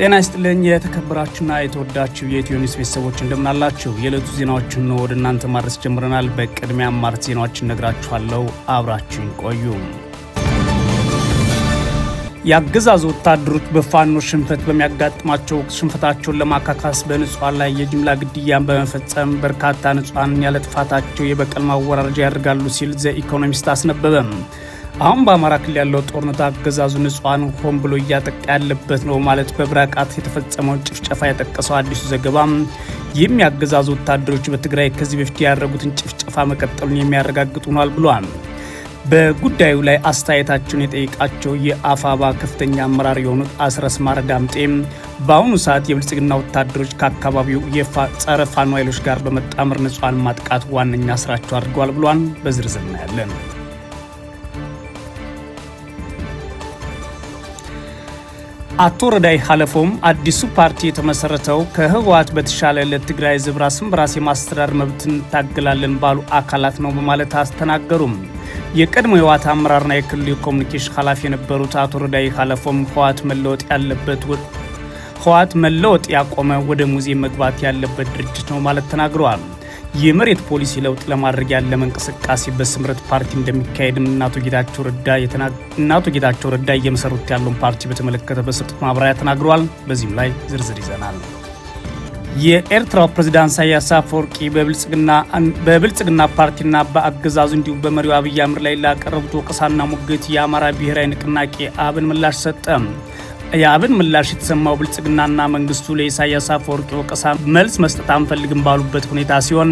ጤና ይስጥልኝ የተከበራችሁና የተወዳችሁ የኢትዮ ቤተሰቦች እንደምናላችሁ። የዕለቱ ዜናዎችን ወደ እናንተ ማድረስ ጀምረናል። በቅድሚያ ማርት ዜናዎችን ነግራችኋለሁ። አብራችን ቆዩ። የአገዛዙ ወታደሮች በፋኖ ሽንፈት በሚያጋጥማቸው ሽንፈታቸውን ለማካካስ በንጹሐን ላይ የጅምላ ግድያን በመፈጸም በርካታ ንጹሐንን ያለ ጥፋታቸው የበቀል ማወራረጃ ያደርጋሉ ሲል ዘ ኢኮኖሚስት አስነበበም። አሁን በአማራ ክልል ያለው ጦርነት አገዛዙ ንጹሐን ሆን ብሎ እያጠቃ ያለበት ነው ማለት በብራቃት የተፈጸመውን ጭፍጨፋ የጠቀሰው አዲሱ ዘገባ ይህም የአገዛዙ ወታደሮች በትግራይ ከዚህ በፊት ያደረጉትን ጭፍጨፋ መቀጠሉን የሚያረጋግጡ ነል ብሏል። በጉዳዩ ላይ አስተያየታቸውን የጠየቃቸው የአፋባ ከፍተኛ አመራር የሆኑት አስረስ ማረ ዳምጤም በአሁኑ ሰዓት የብልጽግና ወታደሮች ከአካባቢው የጸረ ፋኖ ኃይሎች ጋር በመጣመር ንጹሐን ማጥቃት ዋነኛ ስራቸው አድርገዋል ብሏል። በዝርዝር እናያለን። አቶ ረዳይ ሀለፎም አዲሱ ፓርቲ የተመሰረተው ከህወሓት በተሻለ ለትግራይ ህዝብ ራስን በራስ የማስተዳደር መብት እንታገላለን ባሉ አካላት ነው በማለት አስተናገሩም። የቀድሞ የህወሓት አመራርና የክልሉ የኮሚኒኬሽን ኃላፊ የነበሩት አቶ ረዳይ ሀለፎም ህወሓት መለወጥ ያለበት ህወሓት መለወጥ ያቆመ ወደ ሙዚየም መግባት ያለበት ድርጅት ነው ማለት ተናግረዋል። የመሬት ፖሊሲ ለውጥ ለማድረግ ያለመ እንቅስቃሴ በስምረት ፓርቲ እንደሚካሄድም ረዳ እናቶ ጌታቸው ረዳ እየመሰሩት ያለውን ፓርቲ በተመለከተ በሰጡት ማብራሪያ ተናግረዋል። በዚህም ላይ ዝርዝር ይዘናል። የኤርትራው ፕሬዝዳንት ኢሳያስ አፈወርቂ በብልጽግና ፓርቲና በአገዛዙ እንዲሁም በመሪው አብይ አህመድ ላይ ላቀረቡት ወቀሳና ሙግት የአማራ ብሔራዊ ንቅናቄ አብን ምላሽ ሰጠ። የአብን ምላሽ የተሰማው ብልጽግናና መንግስቱ ለኢሳያስ አፈወርቂ ወቀሳ መልስ መስጠት አንፈልግም ባሉበት ሁኔታ ሲሆን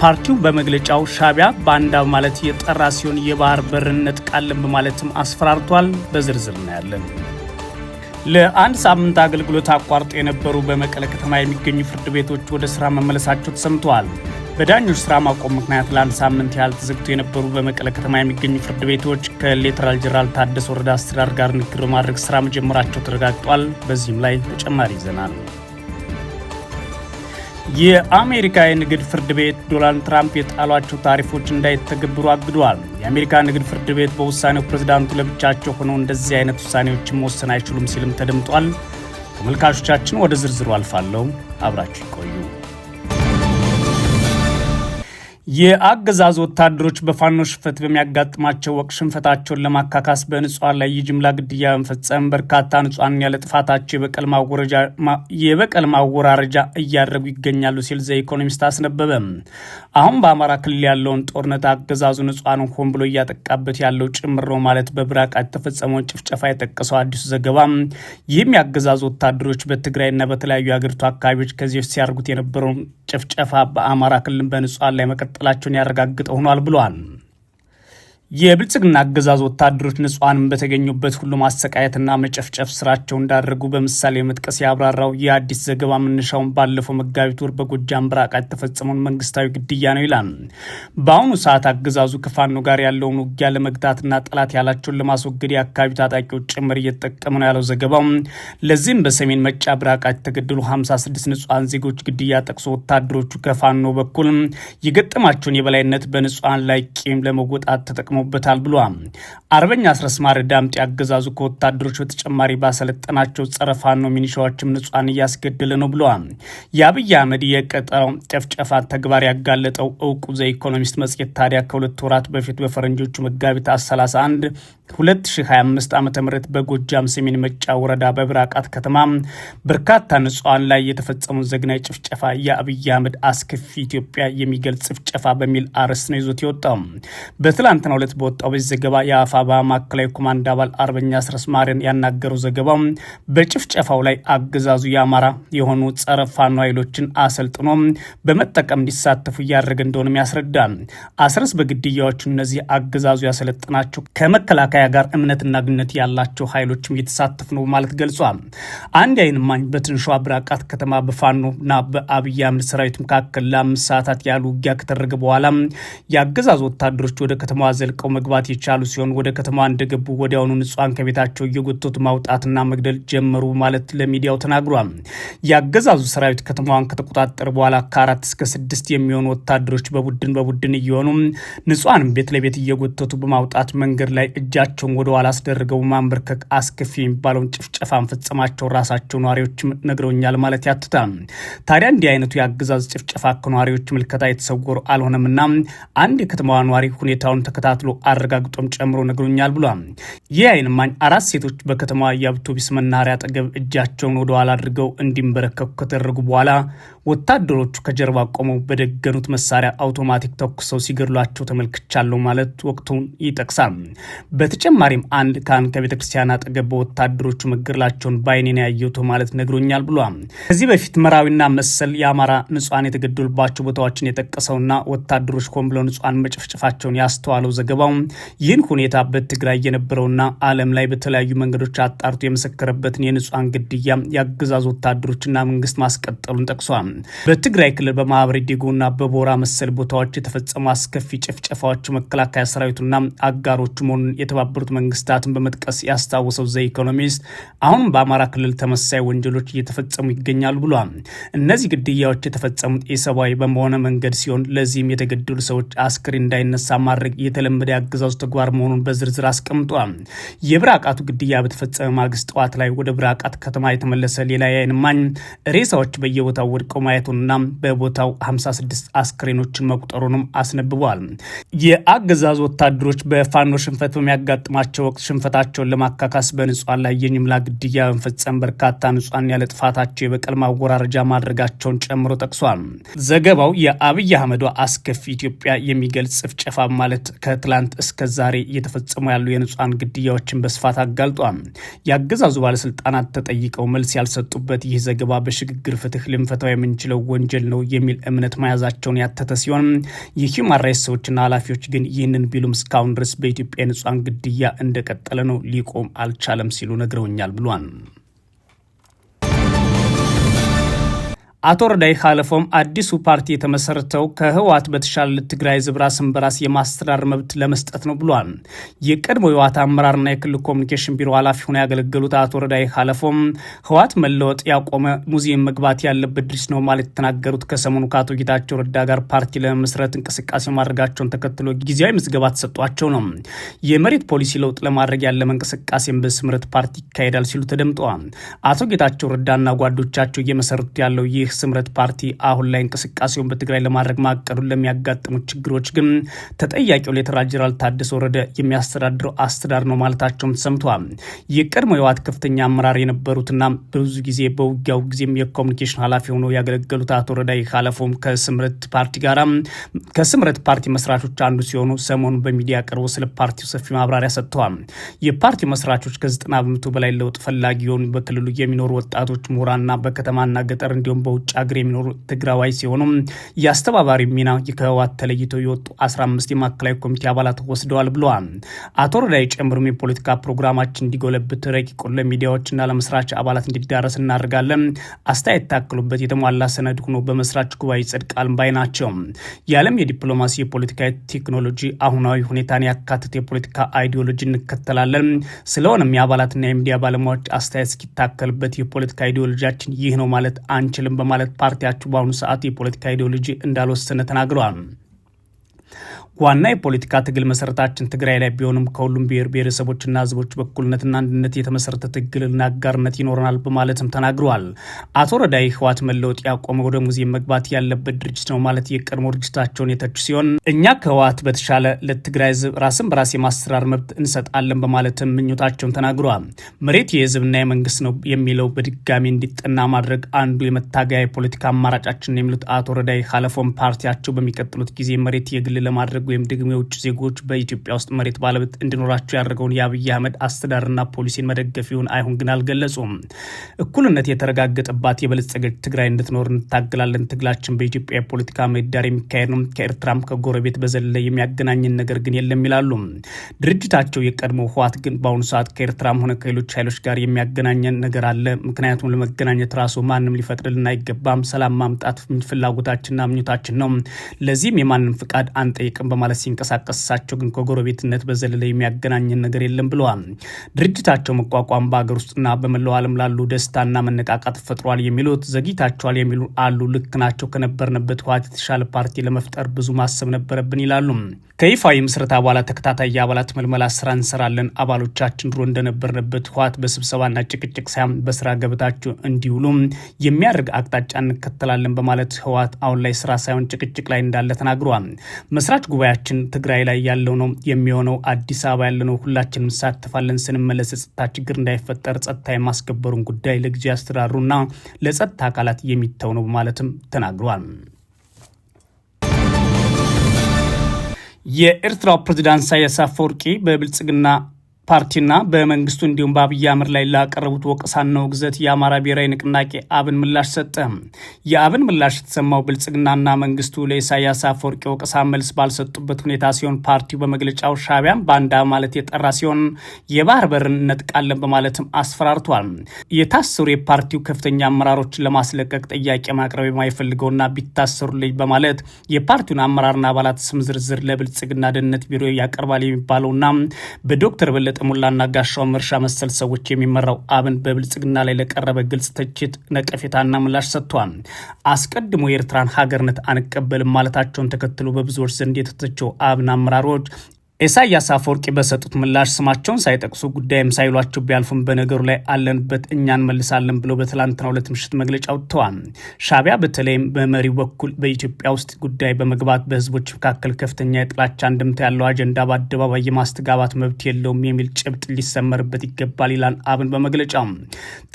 ፓርቲው በመግለጫው ሻቢያ ባንዳ ማለት የጠራ ሲሆን የባህር በርን ነጥቃለን በማለትም አስፈራርቷል። በዝርዝር እናያለን። ለአንድ ሳምንት አገልግሎት አቋርጦ የነበሩ በመቀለ ከተማ የሚገኙ ፍርድ ቤቶች ወደ ስራ መመለሳቸው ተሰምተዋል። በዳኞች ስራ ማቆም ምክንያት ለአንድ ሳምንት ያህል ተዘግቶ የነበሩ በመቀለ ከተማ የሚገኙ ፍርድ ቤቶች ከሌተናል ጄኔራል ታደሰ ወረዳ አስተዳደር ጋር ንግግር በማድረግ ስራ መጀመራቸው ተረጋግጧል። በዚህም ላይ ተጨማሪ ይዘናል። የአሜሪካ የንግድ ፍርድ ቤት ዶናልድ ትራምፕ የጣሏቸው ታሪፎች እንዳይተገበሩ አግዷል። የአሜሪካ ንግድ ፍርድ ቤት በውሳኔው ፕሬዝዳንቱ ለብቻቸው ሆነው እንደዚህ አይነት ውሳኔዎችን መወሰን አይችሉም ሲልም ተደምጧል። ተመልካቾቻችን ወደ ዝርዝሩ አልፋለሁ፣ አብራችሁ ይቆዩ። የአገዛዝ ወታደሮች በፋኖ ሽንፈት በሚያጋጥማቸው ወቅት ሽንፈታቸውን ለማካካስ በንጹሐን ላይ የጅምላ ግድያ መፈጸም በርካታ ንጹሐን ያለ ጥፋታቸው የበቀል ማወራረጃ እያደረጉ ይገኛሉ ሲል ዘ ኢኮኖሚስት አስነበበ። አሁን በአማራ ክልል ያለውን ጦርነት አገዛዙ ንጹሐን ሆን ብሎ እያጠቃበት ያለው ጭምር ነው ማለት በብራቃ የተፈጸመውን ጭፍጨፋ የጠቀሰው አዲሱ ዘገባ ይህም የአገዛዝ ወታደሮች በትግራይና በተለያዩ የአገሪቱ አካባቢዎች ከዚህ ሲያደርጉት የነበረውን ጭፍጨፋ በአማራ ክልል በንጹሐን ላይ መቀጠል መቀጠላቸውን ያረጋግጠ ሆኗል ብሏል። የብልጽግና አገዛዝ ወታደሮች ንጹሐንም በተገኙበት ሁሉ ማሰቃየትና መጨፍጨፍ ስራቸው እንዳደረጉ በምሳሌ መጥቀስ ያብራራው የአዲስ ዘገባ መነሻውን ባለፈው መጋቢት ወር በጎጃም ብራቃት የተፈጸመውን መንግስታዊ ግድያ ነው ይላል። በአሁኑ ሰዓት አገዛዙ ከፋኖ ጋር ያለውን ውጊያ ለመግታትና ጠላት ያላቸውን ለማስወገድ የአካባቢ ታጣቂዎች ጭምር እየተጠቀሙ ነው ያለው ዘገባው። ለዚህም በሰሜን መጫ ብራቃት የተገደሉ 56 ንጹሐን ዜጎች ግድያ ጠቅሶ ወታደሮቹ ከፋኖ በኩል የገጠማቸውን የበላይነት በንጹሐን ላይ ቂም ለመወጣት ተጠቅመ ተጠቅሞበታል ብሏል። አርበኛ አስረስማር ዳምጤ አገዛዙ ከወታደሮች በተጨማሪ ባሰለጠናቸው ጸረ ፋኖ ሚኒሻዎችም ንጹሐን እያስገደለ ነው ብለዋል። የአብይ አህመድ የቀጠረው ጨፍጨፋ ተግባር ያጋለጠው እውቁ ዘኢኮኖሚስት መጽሔት ታዲያ ከሁለት ወራት በፊት በፈረንጆቹ መጋቢት 31 2025 ዓ ም በጎጃም ሰሜን መጫ ወረዳ በብራቃት ከተማ በርካታ ንጹሐን ላይ የተፈጸመው ዘግናዊ ጭፍጨፋ የአብይ አህመድ አስከፊ ኢትዮጵያ የሚገልጽ ጭፍጨፋ በሚል አርዕስት ነው ይዞት የወጣው። በትላንትና ዕለት በወጣው በዚህ ዘገባ የአፋባ ማዕከላዊ ኮማንድ አባል አርበኛ አስረስ ማሪያን ያናገረው ዘገባው በጭፍጨፋው ላይ አገዛዙ የአማራ የሆኑ ጸረ ፋኖ ኃይሎችን አሰልጥኖ በመጠቀም እንዲሳተፉ እያደረገ እንደሆነም ያስረዳል። አስረስ በግድያዎቹ እነዚህ አገዛዙ ያሰለጥናቸው ከመከላከያ ጋር እምነትና ግንኙነት ያላቸው ኃይሎችም እየተሳተፉ ነው ማለት ገልጿል። አንድ አይን ማኝ በትንሿ ብራቃት ከተማ በፋኖና በአብይ አህመድ ሰራዊት መካከል ለአምስት ሰዓታት ያሉ ውጊያ ከተደረገ በኋላ የአገዛዙ ወታደሮች ወደ ከተማዋ ዘልቀው ዘልቀው መግባት የቻሉ ሲሆን ወደ ከተማዋ እንደገቡ ወዲያውኑ ንጹሐን ከቤታቸው እየጎተቱ ማውጣትና መግደል ጀመሩ ማለት ለሚዲያው ተናግሯል። የአገዛዙ ሰራዊት ከተማዋን ከተቆጣጠረ በኋላ ከአራት እስከ ስድስት የሚሆኑ ወታደሮች በቡድን በቡድን እየሆኑ ንጹሐንም ቤት ለቤት እየጎተቱ በማውጣት መንገድ ላይ እጃቸውን ወደኋላ አስደርገው ማንበርከክ አስከፊ የሚባለውን ጭፍጨፋን ፈጸማቸው። ራሳቸው ነዋሪዎችም ነግረውኛል ማለት ያትታል። ታዲያ እንዲህ አይነቱ የአገዛዝ ጭፍጨፋ ከነዋሪዎች ምልከታ የተሰወሩ አልሆነምና አንድ የከተማዋ ነዋሪ ሁኔታውን ተከታትሎ ተከታትሎ አረጋግጦም ጨምሮ ነግሮኛል ብሏል። ይህ አይን አራት ሴቶች በከተማዋ የአውቶቡስ መናኸሪያ አጠገብ እጃቸውን ወደኋላ አድርገው እንዲንበረከኩ ከተደረጉ በኋላ ወታደሮቹ ከጀርባ ቆመው በደገኑት መሳሪያ አውቶማቲክ ተኩሰው ሲገድሏቸው ተመልክቻለሁ ማለት ወቅቱን ይጠቅሳል። በተጨማሪም አንድ ካህን ከቤተ ክርስቲያን አጠገብ በወታደሮቹ መገደላቸውን በአይኔን ያየሁት ማለት ነግሮኛል ብሏል። ከዚህ በፊት መራዊና መሰል የአማራ ንጹሐን የተገደሉባቸው ቦታዎችን የጠቀሰውና ወታደሮች ሆን ብለው ንጹሐን መጨፍጨፋቸውን ያስተዋለው ዘገባ ዘገባው ይህን ሁኔታ በትግራይ የነበረውና ዓለም ላይ በተለያዩ መንገዶች አጣርቶ የመሰከረበትን የንጹሐን ግድያ የአገዛዙ ወታደሮችና መንግስት ማስቀጠሉን ጠቅሷል። በትግራይ ክልል በማህበረ ዴጎና በቦራ መሰል ቦታዎች የተፈጸሙ አስከፊ ጭፍጨፋዎች መከላከያ ሰራዊቱና አጋሮቹ መሆኑን የተባበሩት መንግስታትን በመጥቀስ ያስታወሰው ዘ ኢኮኖሚስት አሁን በአማራ ክልል ተመሳሳይ ወንጀሎች እየተፈጸሙ ይገኛሉ ብሏል። እነዚህ ግድያዎች የተፈጸሙት ኢሰብአዊ በመሆነ መንገድ ሲሆን ለዚህም የተገደሉ ሰዎች አስክሬን እንዳይነሳ ማድረግ የተለመደ ወደ አገዛዙ ተግባር መሆኑን በዝርዝር አስቀምጧል። የብራቃቱ ግድያ በተፈጸመ ማግስት ጠዋት ላይ ወደ ብራቃት ከተማ የተመለሰ ሌላ የአይን እማኝ ሬሳዎች በየቦታው ወድቀው ማየቱንና በቦታው 56 አስክሬኖችን መቁጠሩንም አስነብቧል። የአገዛዙ ወታደሮች በፋኖ ሽንፈት በሚያጋጥማቸው ወቅት ሽንፈታቸውን ለማካካስ በንጹሐን ላይ የጅምላ ግድያ በመፈጸም በርካታ ንጹሐን ያለ ጥፋታቸው የበቀል ማወራረጃ ማድረጋቸውን ጨምሮ ጠቅሷል። ዘገባው የአብይ አህመዷ አስከፊ ኢትዮጵያ የሚገልጽ ጭፍጨፋ ማለት ከት ከትላንት እስከ ዛሬ እየተፈጸሙ ያሉ የንጹሐን ግድያዎችን በስፋት አጋልጧል። የአገዛዙ ባለስልጣናት ተጠይቀው መልስ ያልሰጡበት ይህ ዘገባ በሽግግር ፍትህ ልንፈታው የምንችለው ወንጀል ነው የሚል እምነት መያዛቸውን ያተተ ሲሆን የሂውማን ራይትስ ሰዎችና ኃላፊዎች ግን ይህንን ቢሉም እስካሁን ድረስ በኢትዮጵያ የንጹሐን ግድያ እንደቀጠለ ነው፣ ሊቆም አልቻለም ሲሉ ነግረውኛል ብሏል። አቶ ረዳይ ካለፎም አዲሱ ፓርቲ የተመሰረተው ከህወሓት በተሻለ ትግራይ ህዝብ ራስን በራስ የማስተዳደር መብት ለመስጠት ነው ብሏል። የቀድሞ የህወሓት አመራርና የክልል ኮሚኒኬሽን ቢሮ ኃላፊ ሆነው ያገለገሉት አቶ ረዳይ ካለፎም ህወሓት መለወጥ ያቆመ ሙዚየም መግባት ያለበት ድርጅት ነው ማለት የተናገሩት ከሰሞኑ ከአቶ ጌታቸው ረዳ ጋር ፓርቲ ለመስረት እንቅስቃሴ ማድረጋቸውን ተከትሎ ጊዜያዊ ምዝገባ ተሰጧቸው ነው። የመሬት ፖሊሲ ለውጥ ለማድረግ ያለመ እንቅስቃሴን በስምረት ፓርቲ ይካሄዳል ሲሉ ተደምጠዋል። አቶ ጌታቸው ረዳና ጓዶቻቸው እየመሰረቱ ያለው ይህ ይህ ስምረት ፓርቲ አሁን ላይ እንቅስቃሴውን በትግራይ ለማድረግ ማቀዱን ለሚያጋጥሙት ችግሮች ግን ተጠያቂው ሌተና ጄኔራል ታደሰ ወረደ የሚያስተዳድረው አስተዳደር ነው ማለታቸውም ተሰምተዋል። የቀድሞ የህወሓት ከፍተኛ አመራር የነበሩትና ብዙ ጊዜ በውጊያው ጊዜም የኮሚኒኬሽን ኃላፊ ሆነው ያገለገሉት አቶ ወረዳ ካለፎም ከስምረት ፓርቲ ጋራ ከስምረት ፓርቲ መስራቾች አንዱ ሲሆኑ ሰሞኑን በሚዲያ ቀርቦ ስለ ፓርቲው ሰፊ ማብራሪያ ሰጥተዋል። የፓርቲው መስራቾች ከዘጠና በመቶ በላይ ለውጥ ፈላጊ የሆኑ በክልሉ የሚኖሩ ወጣቶች፣ ምሁራንና በከተማና ገጠር እንዲሁም በ በውጭ ሀገር የሚኖሩ ትግራዋይ ሲሆኑ የአስተባባሪ ሚና ከህወሓት ተለይተው የወጡ 15 የማዕከላዊ ኮሚቴ አባላት ወስደዋል ብለዋል። አቶ ረዳይ ጨምሩም የፖለቲካ ፕሮግራማችን እንዲጎለብት ረቂቁን ለሚዲያዎችና ለመስራች አባላት እንዲዳረስ እናደርጋለን። አስተያየት ታክሉበት የተሟላ ሰነድ ሆኖ በመስራች ጉባኤ ይጸድቃል ባይ ናቸው። የዓለም የዲፕሎማሲ የፖለቲካ ቴክኖሎጂ አሁናዊ ሁኔታን ያካትት የፖለቲካ አይዲዮሎጂ እንከተላለን። ስለሆነም የአባላትና የሚዲያ ባለሙያዎች አስተያየት እስኪታከልበት የፖለቲካ አይዲዮሎጂያችን ይህ ነው ማለት አንችልም በማለት ፓርቲያቸው በአሁኑ ሰዓት የፖለቲካ ኢዲዮሎጂ እንዳልወሰነ ተናግረዋል። ዋና የፖለቲካ ትግል መሰረታችን ትግራይ ላይ ቢሆንም ከሁሉም ብሔር ብሔረሰቦችና ህዝቦች በኩልነትና አንድነት የተመሰረተ ትግልና አጋርነት ይኖረናል በማለትም ተናግረዋል። አቶ ረዳይ ህወሓት መለወጥ ያቆመ ወደ ሙዚየም መግባት ያለበት ድርጅት ነው ማለት የቀድሞ ድርጅታቸውን የተች ሲሆን እኛ ከህወሓት በተሻለ ለትግራይ ህዝብ ራስን በራስ የማሰራር መብት እንሰጣለን በማለትም ምኞታቸውን ተናግረዋል። መሬት የህዝብና የመንግስት ነው የሚለው በድጋሚ እንዲጠና ማድረግ አንዱ የመታገያ የፖለቲካ አማራጫችን የሚሉት አቶ ረዳይ ሀለፎን ፓርቲያቸው በሚቀጥሉት ጊዜ መሬት የግል ለማድረግ ወይም ደግሞ የውጭ ዜጎች በኢትዮጵያ ውስጥ መሬት ባለቤት እንዲኖራቸው ያደረገውን የአብይ አህመድ አስተዳደርና ፖሊሲን መደገፍ ይሁን አይሁን ግን አልገለጹም። እኩልነት የተረጋገጠባት የበለጸገች ትግራይ እንድትኖር እንታገላለን። ትግላችን በኢትዮጵያ የፖለቲካ ምህዳር የሚካሄድ ነው። ከኤርትራም ከጎረቤት በዘለ የሚያገናኝን ነገር ግን የለም ይላሉ። ድርጅታቸው የቀድሞ ህወሓት ግን በአሁኑ ሰዓት ከኤርትራም ሆነ ከሌሎች ኃይሎች ጋር የሚያገናኘን ነገር አለ። ምክንያቱም ለመገናኘት ራሱ ማንም ሊፈቅድልን አይገባም። ሰላም ማምጣት ፍላጎታችንና ምኞታችን ነው። ለዚህም የማንም ፍቃድ አንጠይቅም በማለት ሲንቀሳቀስ እሳቸው ግን ከጎረቤትነት በዘለለ የሚያገናኘን ነገር የለም ብለዋል። ድርጅታቸው መቋቋም በሀገር ውስጥና በመላው ዓለም ላሉ ደስታና መነቃቃት ፈጥሯል የሚሉት ዘግይታቸዋል የሚሉ አሉ። ልክ ናቸው። ከነበርንበት ህወሓት የተሻለ ፓርቲ ለመፍጠር ብዙ ማሰብ ነበረብን ይላሉ። ከይፋ የምስረት አባላት ተከታታይ የአባላት መልመላ ስራ እንሰራለን። አባሎቻችን ድሮ እንደነበርንበት ህወሓት በስብሰባና ጭቅጭቅ ሳያም በስራ ገበታቸው እንዲውሉ የሚያደርግ አቅጣጫ እንከተላለን በማለት ህወሓት አሁን ላይ ስራ ሳይሆን ጭቅጭቅ ላይ እንዳለ ተናግረዋል። መስራች ጉባኤ ጉባኤያችን ትግራይ ላይ ያለው ነው የሚሆነው። አዲስ አበባ ያለ ነው። ሁላችንም ሳተፋለን። ስንመለስ የጸጥታ ችግር እንዳይፈጠር ጸጥታ የማስከበሩን ጉዳይ ለጊዜ ያስተራሩና ለጸጥታ አካላት የሚተው ነው በማለትም ተናግሯል። የኤርትራው ፕሬዚዳንት ኢሳያስ አፈወርቂ በብልጽግና ፓርቲና በመንግስቱ እንዲሁም በአብይ አህመድ ላይ ላቀረቡት ወቀሳና ውግዘት የአማራ ብሔራዊ ንቅናቄ አብን ምላሽ ሰጠ። የአብን ምላሽ የተሰማው ብልጽግናና መንግስቱ ለኢሳያስ አፈወርቂ ወቀሳ መልስ ባልሰጡበት ሁኔታ ሲሆን ፓርቲው በመግለጫው ሻዕቢያን ባንዳ ማለት የጠራ ሲሆን የባህር በርን እነጥቃለን በማለትም አስፈራርቷል። የታሰሩ የፓርቲው ከፍተኛ አመራሮችን ለማስለቀቅ ጥያቄ ማቅረብ የማይፈልገውና ቢታሰሩልኝ በማለት የፓርቲውን አመራርና አባላት ስም ዝርዝር ለብልጽግና ደህንነት ቢሮ ያቀርባል የሚባለውና በዶክተር በለጠ ሙላና ጋሻው እርሻ መሰል ሰዎች የሚመራው አብን በብልጽግና ላይ ለቀረበ ግልጽ ትችት ነቀፌታና ምላሽ ሰጥቷል። አስቀድሞ የኤርትራን ሀገርነት አንቀበልም ማለታቸውን ተከትሎ በብዙዎች ዘንድ የተተቸው አብን አመራሮች ኢሳያስ አፈወርቂ በሰጡት ምላሽ ስማቸውን ሳይጠቅሱ ጉዳይም ሳይሏቸው ቢያልፉም በነገሩ ላይ አለንበት እኛ እንመልሳለን ብለው በትላንትናው ዕለት ምሽት መግለጫ አውጥተዋል። ሻቢያ በተለይም በመሪው በኩል በኢትዮጵያ ውስጥ ጉዳይ በመግባት በህዝቦች መካከል ከፍተኛ የጥላቻ አንድምታ ያለው አጀንዳ በአደባባይ የማስተጋባት መብት የለውም የሚል ጭብጥ ሊሰመርበት ይገባል ይላል አብን በመግለጫው።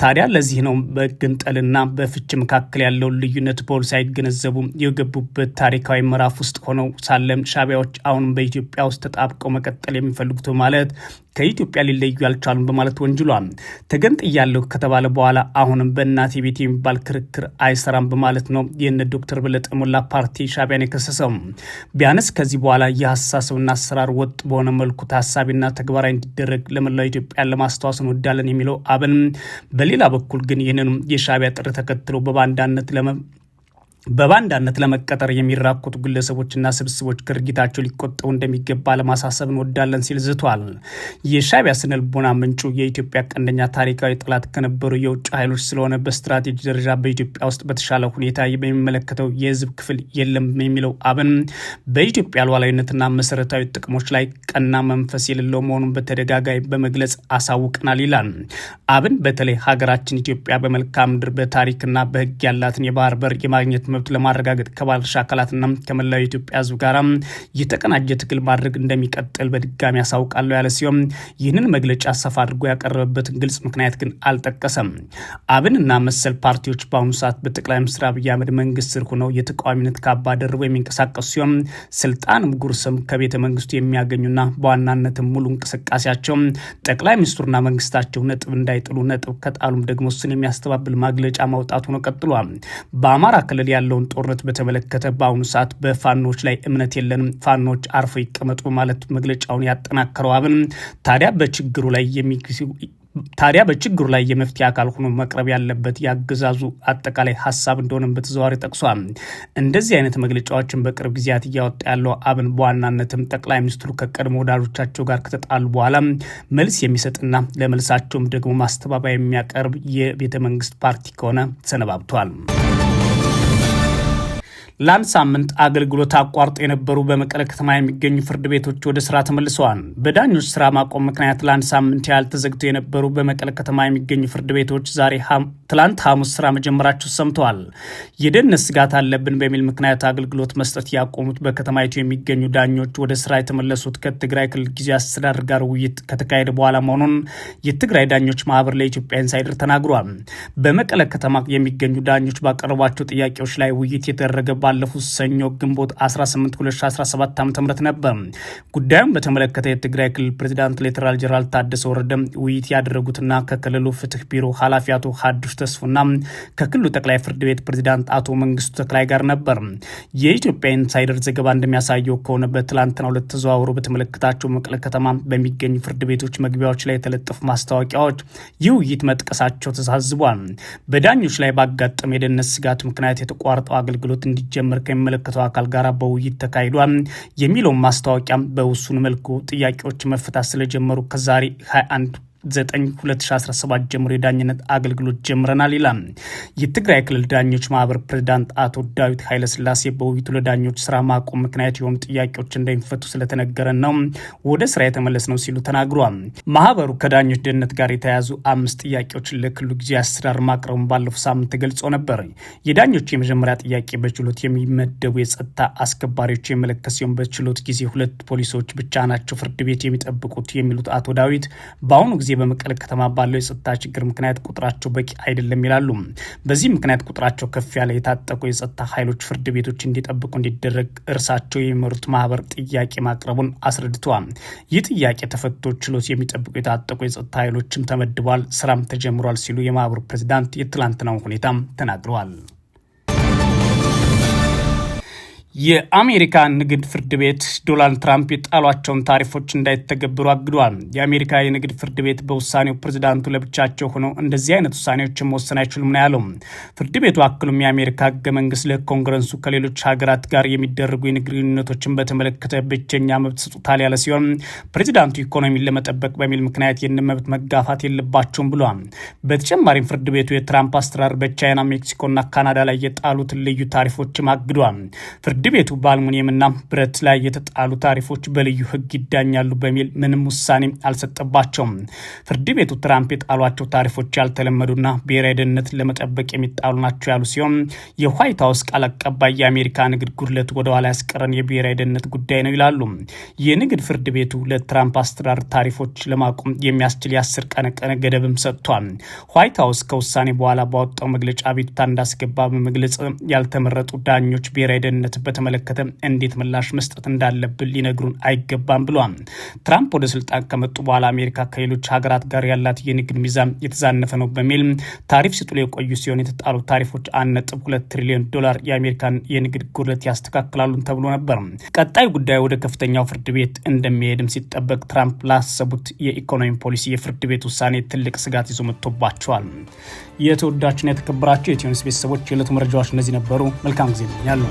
ታዲያ ለዚህ ነው በግንጠልና በፍች መካከል ያለውን ልዩነት በውል ሳይገነዘቡ የገቡበት ታሪካዊ ምዕራፍ ውስጥ ሆነው ሳለም ሻቢያዎች አሁንም በኢትዮጵያ ውስጥ ተጣ አጥብቀው መቀጠል የሚፈልጉት በማለት ከኢትዮጵያ ሊለዩ ያልቻሉም በማለት ወንጅሏል። ተገንጥያለሁ ከተባለ በኋላ አሁንም በእናቴ ቤት የሚባል ክርክር አይሰራም በማለት ነው ይህን ዶክተር በለጠ ሞላ ፓርቲ ሻቢያን የከሰሰው። ቢያንስ ከዚህ በኋላ የአስተሳሰብና አሰራር ወጥ በሆነ መልኩ ታሳቢና ተግባራዊ እንዲደረግ ለመላው ኢትዮጵያን ለማስታወስ እንወዳለን የሚለው አብን፣ በሌላ በኩል ግን ይህንኑ የሻቢያ ጥሪ ተከትሎ በባንዳነት ለመ በባንዳነት ለመቀጠር የሚራኮቱ ግለሰቦችና ስብስቦች ከድርጊታቸው ሊቆጠቡ እንደሚገባ ለማሳሰብ እንወዳለን ሲል ዝቷል። የሻዕቢያ ስነልቦና ምንጩ የኢትዮጵያ ቀንደኛ ታሪካዊ ጠላት ከነበሩ የውጭ ኃይሎች ስለሆነ በስትራቴጂ ደረጃ በኢትዮጵያ ውስጥ በተሻለ ሁኔታ በሚመለከተው የህዝብ ክፍል የለም የሚለው አብን በኢትዮጵያ ሉዓላዊነትና መሰረታዊ ጥቅሞች ላይ ቀና መንፈስ የሌለው መሆኑን በተደጋጋሚ በመግለጽ አሳውቀናል ይላል አብን። በተለይ ሀገራችን ኢትዮጵያ በመልክዓ ምድር በታሪክና በህግ ያላትን የባህር በር የማግኘት መብት ለማረጋገጥ ከባለድርሻ አካላትና ከመላው የኢትዮጵያ ሕዝብ ጋር የተቀናጀ ትግል ማድረግ እንደሚቀጥል በድጋሚ ያሳውቃለሁ ያለ ሲሆን ይህንን መግለጫ ሰፋ አድርጎ ያቀረበበትን ግልጽ ምክንያት ግን አልጠቀሰም። አብንና መሰል ፓርቲዎች በአሁኑ ሰዓት በጠቅላይ ሚኒስትር አብይ አህመድ መንግስት ስር ሆነው የተቃዋሚነት ካባ ደርበው የሚንቀሳቀሱ ሲሆን ስልጣን ጉርስም ከቤተ መንግስቱ የሚያገኙና በዋናነትም ሙሉ እንቅስቃሴያቸው ጠቅላይ ሚኒስትሩና መንግስታቸው ነጥብ እንዳይጥሉ ነጥብ ከጣሉም ደግሞ እሱን የሚያስተባብል ማግለጫ ማውጣት ሆኖ ቀጥሏል። በአማራ ክልል ያለ ያለውን ጦርነት በተመለከተ በአሁኑ ሰዓት በፋኖች ላይ እምነት የለንም፣ ፋኖች አርፎ ይቀመጡ ማለት መግለጫውን ያጠናከረው አብን ታዲያ በችግሩ ላይ ታዲያ በችግሩ ላይ የመፍትሄ አካል ሆኖ መቅረብ ያለበት የአገዛዙ አጠቃላይ ሀሳብ እንደሆነም በተዘዋዋሪ ጠቅሷል። እንደዚህ አይነት መግለጫዎችን በቅርብ ጊዜያት እያወጣ ያለው አብን በዋናነትም ጠቅላይ ሚኒስትሩ ከቀድሞ ወዳጆቻቸው ጋር ከተጣሉ በኋላ መልስ የሚሰጥና ለመልሳቸውም ደግሞ ማስተባበያ የሚያቀርብ የቤተ መንግስት ፓርቲ ከሆነ ሰነባብቷል። ለአንድ ሳምንት አገልግሎት አቋርጦ የነበሩ በመቀለ ከተማ የሚገኙ ፍርድ ቤቶች ወደ ስራ ተመልሰዋል። በዳኞች ስራ ማቆም ምክንያት ለአንድ ሳምንት ያህል ተዘግተው የነበሩ በመቀለ ከተማ የሚገኙ ፍርድ ቤቶች ዛሬ ትላንት ሐሙስ ስራ መጀመራቸው ሰምተዋል። የደህንነት ስጋት አለብን በሚል ምክንያት አገልግሎት መስጠት ያቆሙት በከተማይቱ የሚገኙ ዳኞች ወደ ስራ የተመለሱት ከትግራይ ክልል ጊዜ አስተዳደር ጋር ውይይት ከተካሄደ በኋላ መሆኑን የትግራይ ዳኞች ማህበር ለኢትዮጵያ ኢንሳይደር ተናግሯል። በመቀለ ከተማ የሚገኙ ዳኞች ባቀረቧቸው ጥያቄዎች ላይ ውይይት የተደረገ ባለፉት ሰኞ ግንቦት 18 2017 ዓ ም ነበር። ጉዳዩን በተመለከተ የትግራይ ክልል ፕሬዚዳንት ሌተናል ጄኔራል ታደሰ ወረደ ውይይት ያደረጉትና ከክልሉ ፍትህ ቢሮ ኃላፊ አቶ ሀዱሽ ተስፉና ከክልሉ ጠቅላይ ፍርድ ቤት ፕሬዚዳንት አቶ መንግስቱ ተክላይ ጋር ነበር። የኢትዮጵያ ኢንሳይደር ዘገባ እንደሚያሳየው ከሆነ በትላንትና ሁለት ተዘዋውሮ በተመለከታቸው መቀለ ከተማ በሚገኙ ፍርድ ቤቶች መግቢያዎች ላይ የተለጠፉ ማስታወቂያዎች ይህ ውይይት መጥቀሳቸው ተሳዝቧል። በዳኞች ላይ ባጋጠመ የደህንነት ስጋት ምክንያት የተቋረጠው አገልግሎት እንዲ እንዲጀምር ከሚመለከተው አካል ጋር በውይይት ተካሂዷል የሚለውን ማስታወቂያም በውሱን መልኩ ጥያቄዎች መፈታት ስለጀመሩ ከዛሬ 21 2017 ጀምሮ የዳኝነት አገልግሎት ጀምረናል ይላል። የትግራይ ክልል ዳኞች ማህበር ፕሬዚዳንት አቶ ዳዊት ኃይለስላሴ በውይይቱ ለዳኞች ስራ ማቆም ምክንያት የሆኑ ጥያቄዎች እንደሚፈቱ ስለተነገረን ነው ወደ ስራ የተመለስ ነው ሲሉ ተናግሯል። ማህበሩ ከዳኞች ደህንነት ጋር የተያያዙ አምስት ጥያቄዎችን ለክልሉ ጊዜ አስተዳደር ማቅረቡን ባለፈው ሳምንት ገልጾ ነበር። የዳኞች የመጀመሪያ ጥያቄ በችሎት የሚመደቡ የጸጥታ አስከባሪዎች የሚመለከት ሲሆን በችሎት ጊዜ ሁለት ፖሊሶች ብቻ ናቸው ፍርድ ቤት የሚጠብቁት የሚሉት አቶ ዳዊት በአሁኑ ጊዜ በመቀለ ከተማ ባለው የጸጥታ ችግር ምክንያት ቁጥራቸው በቂ አይደለም ይላሉ። በዚህ ምክንያት ቁጥራቸው ከፍ ያለ የታጠቁ የጸጥታ ኃይሎች ፍርድ ቤቶች እንዲጠብቁ እንዲደረግ እርሳቸው የሚመሩት ማህበር ጥያቄ ማቅረቡን አስረድተዋል። ይህ ጥያቄ ተፈቶ ችሎት የሚጠብቁ የታጠቁ የጸጥታ ኃይሎችም ተመድበዋል፣ ስራም ተጀምሯል ሲሉ የማህበሩ ፕሬዚዳንት የትላንትናውን ሁኔታም ተናግረዋል። የአሜሪካ ንግድ ፍርድ ቤት ዶናልድ ትራምፕ የጣሏቸውን ታሪፎች እንዳይተገበሩ አግዷል። የአሜሪካ የንግድ ፍርድ ቤት በውሳኔው ፕሬዚዳንቱ ለብቻቸው ሆነው እንደዚህ አይነት ውሳኔዎችን መወሰን አይችሉም ነው ያለው። ፍርድ ቤቱ አክሉም የአሜሪካ ህገ መንግስት ለኮንግረሱ ከሌሎች ሀገራት ጋር የሚደረጉ የንግድ ግንኙነቶችን በተመለከተ ብቸኛ መብት ሰጡታል ያለ ሲሆን ፕሬዚዳንቱ ኢኮኖሚን ለመጠበቅ በሚል ምክንያት ይህን መብት መጋፋት የለባቸውም ብሏል። በተጨማሪም ፍርድ ቤቱ የትራምፕ አስተራር በቻይና ሜክሲኮና ካናዳ ላይ የጣሉትን ልዩ ታሪፎችም አግዷል። ፍርድ ቤቱ በአልሙኒየምና ብረት ላይ የተጣሉ ታሪፎች በልዩ ህግ ይዳኛሉ በሚል ምንም ውሳኔ አልሰጠባቸውም። ፍርድ ቤቱ ትራምፕ የጣሏቸው ታሪፎች ያልተለመዱና ብሔራዊ ደህንነት ለመጠበቅ የሚጣሉ ናቸው ያሉ ሲሆን የዋይት ሀውስ ቃል አቀባይ የአሜሪካ ንግድ ጉድለት ወደኋላ ያስቀረን የብሔራዊ ደህንነት ጉዳይ ነው ይላሉ። የንግድ ፍርድ ቤቱ ለትራምፕ አስተዳደር ታሪፎች ለማቆም የሚያስችል የአስር ቀን ቀነ ገደብም ሰጥቷል። ዋይት ሀውስ ከውሳኔ በኋላ ባወጣው መግለጫ ቤቱታ እንዳስገባ በመግለጽ ያልተመረጡ ዳኞች ብሔራዊ ደህንነት በተመለከተ እንዴት ምላሽ መስጠት እንዳለብን ሊነግሩን አይገባም ብሏል። ትራምፕ ወደ ስልጣን ከመጡ በኋላ አሜሪካ ከሌሎች ሀገራት ጋር ያላት የንግድ ሚዛን የተዛነፈ ነው በሚል ታሪፍ ሲጥሉ የቆዩ ሲሆን የተጣሉ ታሪፎች አንድ ነጥብ ሁለት ትሪሊዮን ዶላር የአሜሪካን የንግድ ጉድለት ያስተካክላሉን ተብሎ ነበር። ቀጣይ ጉዳይ ወደ ከፍተኛው ፍርድ ቤት እንደሚሄድም ሲጠበቅ ትራምፕ ላሰቡት የኢኮኖሚ ፖሊሲ የፍርድ ቤት ውሳኔ ትልቅ ስጋት ይዞ መጥቶባቸዋል። የተወዳችን የተከበራቸው የኢትዮ ኒውስ ቤተሰቦች የዕለቱ መረጃዎች እነዚህ ነበሩ። መልካም ጊዜ ያለው